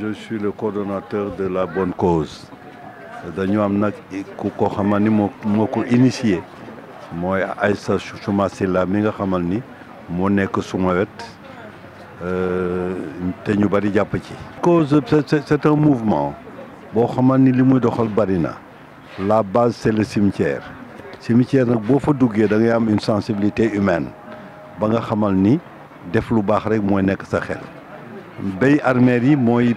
je suis le coordinateur de la bonne cause dañu am nag ku ko xamal ni ko initié mooy Aïssa Souma Sylla mi nga xamal ni moo nekk suma wet euh, te ñu bari jàpp ci cause c'est un mouvement boo xamal ni li muy doxal bari na la base c'est le cimetière cimetière nag boo fa duggee da ngay am une sensibilité humaine ba nga xamal ni def lu baax rek mooy nekk sa xel béy armeel yi mooy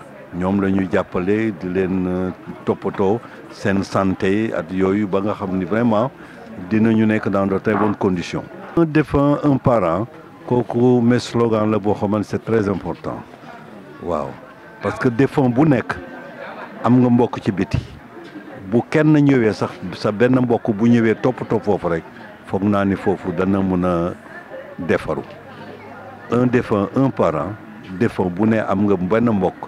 ñom la ñuy jàppale di len euh, topoto sen santé at yoyu ba nga xamni ni vraiment dinañu nek dans de très bonnes conditions. un défunt un parent koku mes slogan la bo xamante c'est très important waaw parce que défunt bu nek am nga mbokk ci biti bu kenn ñëwé sax sa benn mbokk bu ñëwee toppatoo fofu rek foog naa ni foofu dana mëna a un défunt un parent défunt bu ne am nga benn mbokk.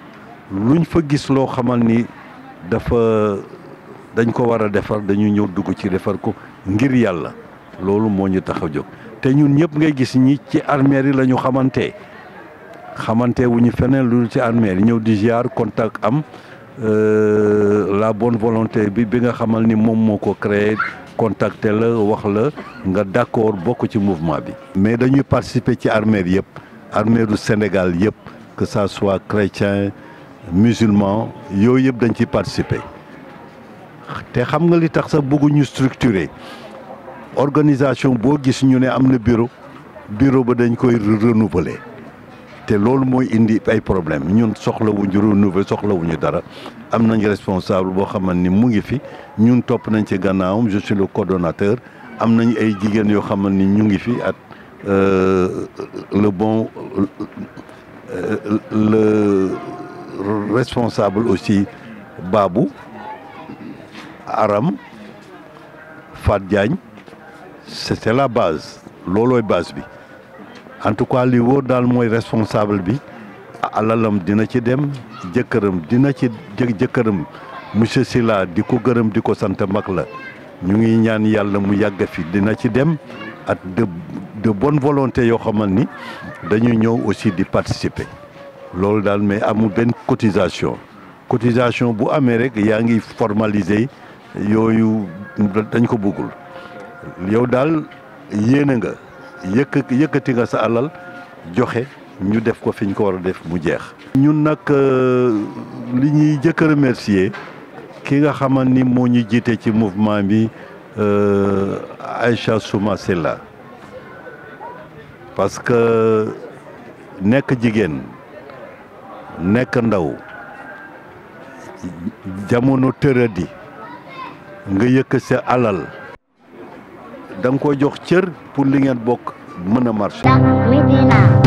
luñ fa gis loo xamal ni dafa dañ ko war a defar dañuy ñëw dugg ci defar ko ngir yàlla loolu moo ñu tax a jóg te ñun ñëpp ngay gis ñi ci armeer yi la ñu xamante xamante wu feneen lu ci armeel yi ñëw di ziar contact am euh, la bonne volonté bi bi nga xamal ni moom moo ko créé contacté la wax la nga d'accord bokk ci mouvement bi. mais dañuy participer ci armeer yëpp armeeru Sénégal yëpp que ça soit chrétien. musulmans, yooyu yëpp dañ ci participer té xam nga li tax sax bëgguñu structurer organisation bo gis ñu né am na bureau bureau ba dañ koy renouveler té lool moy indi ay problème ñun soxla soxlawuñu renouveler soxlawuñu dara am nañ responsable bo xamanteni mu ngi fi ñun top nañ ci gannaawam je suis le coordonnateur am nañ ay jigen yo xamanteni ñu ngi fi at euh le bon euh, le responsable aussi Babou Aram Fat Diagne c'était la base loolooy base bi en tout cas li wóor daal mooy responsable bi alalam dina ci dem jëkkëram dina ci jëkkëram monsieur Sylla di ko gërëm di ko sant mag la ñu ngi ñaan yàlla mu yàgg fi dina ci dem ak de de volonté yoo xamal ni dañuy ñëw aussi di participer loolu daal mais amul benn cotisation cotisation bu amee rek yaa ngi formaliser yooyu dañ ko bëggul yow daal yéene nga yëkk yëkkati nga sa alal joxe ñu def ko fi ñu ko war a def mu jeex. ñun nag euh, li ñuy jëkk a remercier ki nga xaman ni moo ñu jiite ci mouvement bi ay euh, Aïcha Souma Sella parce que nekk jigéen. nekk ndaw jamono tëradi nga yëkk sa alal danga ko jox cër pour li ngeen bokk mën a marché